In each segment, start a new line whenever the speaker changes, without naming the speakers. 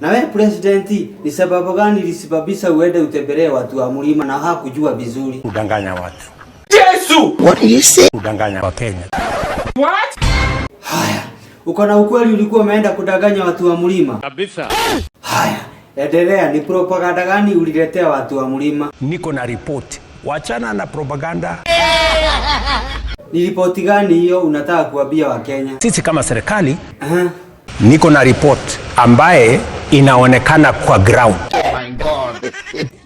Na wewe presidenti, ni sababu gani ilisababisha uende utembelee watu wa mlima na hakujua vizuri?
Kudanganya watu.
Yesu!
What did you say?
Kudanganya wa Kenya.
What? Haya, uko na ukweli ulikuwa umeenda kudanganya watu wa mlima. Kabisa. Haya, endelea, ni propaganda gani uliletea watu wa mlima?
Niko na ripoti. Wachana na propaganda.
Ni ripoti gani hiyo unataka kuambia Wakenya?
Sisi kama serikali, uh -huh. Niko na ripoti ambaye inaonekana kwa ground.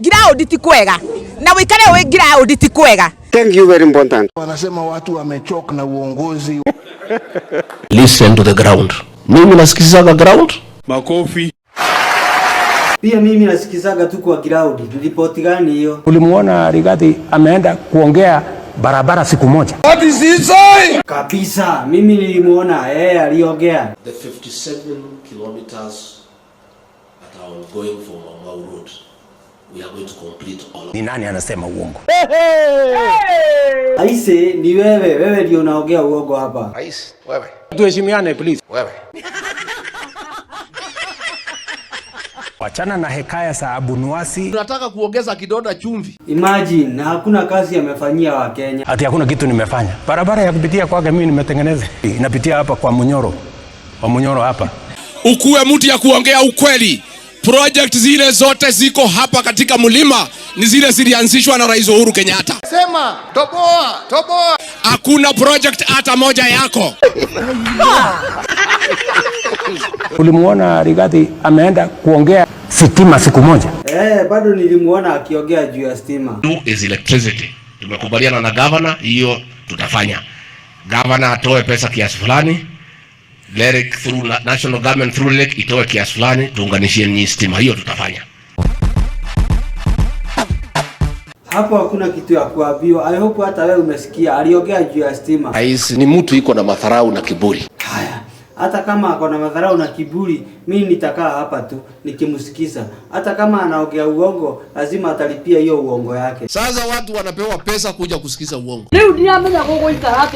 Ground ti kwega na wikare we ground ti kwega.
Thank you very important.
Wanasema watu wamechoka na uongozi.
Listen to the ground. Mimi nasikizaga ground.
Makofi.
Pia mimi nasikizaga tu kwa ground. Ripoti gani hiyo?
Ulimuona Rigathi ameenda kuongea barabara siku moja
kabisa. Mimi nilimuona eh, aliongea
the 57 kilometers town going for Mwangwau Road. We are going to complete all
of... Ni nani anasema uongo?
Aise, ni wewe, wewe ndio unaongea uongo hapa.
Aise, wewe.
Tuheshimiane please. Wewe.
Wachana na hekaya za Abu Nuwasi.
Tunataka kuongeza kidonda chumvi.
Imagine, na hakuna kazi amefanyia Wakenya.
Hati hakuna kitu nimefanya. Barabara ya kupitia kwake mimi nimetengeneza. Inapitia hapa kwa Munyoro. Kwa Munyoro hapa.
Ukuwe mtu ya kuongea ukweli. Project zile zote ziko hapa katika mlima ni zile zilianzishwa na Rais Uhuru Kenyatta.
Sema, toboa, toboa.
Hakuna project hata moja yako.
Ulimuona Rigathi ameenda kuongea sitima siku moja.
Eh, bado nilimuona akiongea juu ya stima.
Is electricity. Tumekubaliana na governor hiyo tutafanya. Governor atoe pesa kiasi fulani LEREC through national government through LEREC itoe kiasi fulani tuunganishie nyinyi stima, hiyo tutafanya.
Hapo hakuna kitu ya kuambiwa. I hope hata wewe umesikia aliongea juu ya stima.
Rais ni mtu iko na madharau na kiburi.
Hata kama ako na madharau na kiburi, mimi nitakaa hapa tu nikimsikiza. Hata kama anaongea uongo, lazima atalipia hiyo uongo yake.
Sasa watu wanapewa pesa kuja kusikiza uongo.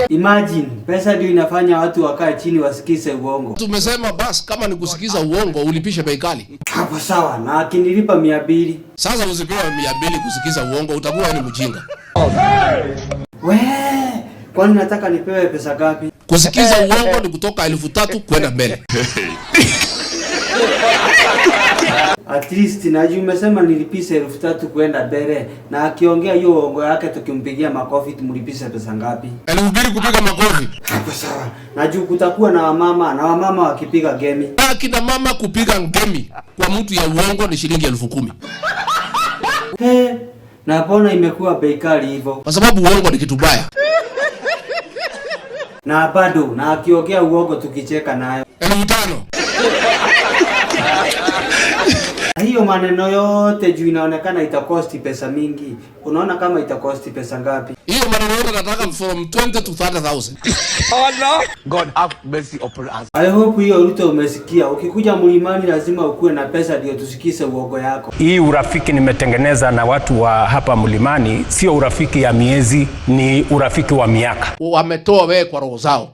Imagine, pesa ndio inafanya watu wakae chini wasikize uongo.
Tumesema basi kama ni kusikiza uongo ulipishe bei kali.
Hapo sawa, na akinilipa 200.
Sasa usipewe 200 kusikiza uongo, utakuwa ni mjinga. Hey!
We, kwani nataka nipewe pesa gapi?
Kusikiza eh, uongo eh, ni kutoka elfu tatu kwenda mbele.
At least najua umesema nilipisa elfu tatu kwenda mbele, na akiongea hiyo uongo yake, tukimpigia makofi tumlipisa pesa ngapi?
Elfu mbili kupiga makofi.
Hapo sawa. Najua kutakuwa na wamama na wamama wakipiga gemi.
Akina mama kupiga gemi kwa mtu ya uongo ni shilingi elfu kumi.
He, na mbona imekuwa bei kali hivyo?
Kwa sababu uongo ni kitu baya
na bado na akiongea uongo tukicheka nayo
elfu tano
hiyo maneno yote juu inaonekana itakosti pesa mingi. Unaona kama itakosti pesa ngapi?
Hiyo maneno yote nataka from 20 to 30000. Oh no. God have mercy upon us.
I hope hiyo Ruto umesikia. Ukikuja mlimani lazima ukuwe na pesa ndio tusikise uogo yako.
Hii urafiki nimetengeneza na watu wa hapa mlimani sio urafiki ya miezi, ni urafiki wa miaka.
Wametoa wewe kwa roho zao.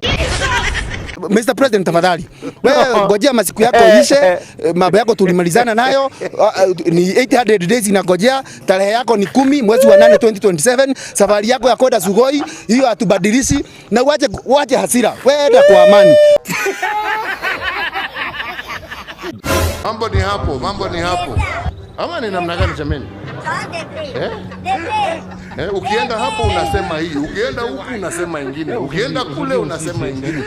Mr. President tafadhali, wewe ngojea masiku yako eh, ishe, eh. Eh, mambo yako tulimalizana nayo ah, ah, ni 800 days inangojea, tarehe yako ni kumi mwezi wa 8 2027. Safari yako ya kwenda Sugoi hiyo hatubadilishi, na uache uache hasira, wenda kwa amani. Mambo ni hapo, mambo ni hapo. Amani namna gani jameni? Eh? eh, ukienda hapo unasema hii, ukienda huku unasema ingine, ukienda kule unasema ingine,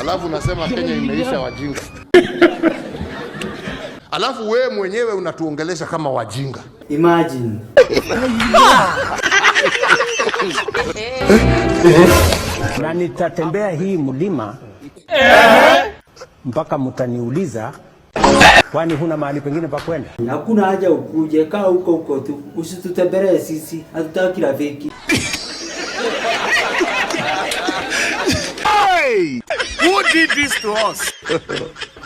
alafu unasema Kenya imeisha wajinga, alafu wewe mwenyewe unatuongelesha kama wajinga. Imagine na nitatembea hii mlima eh? mpaka mtaniuliza Kwani huna mahali pengine pa kwenda? Hakuna haja ukuje, kaa huko huko tu, usitutembelee sisi, hatutaki rafiki. Hey! Who did this to us?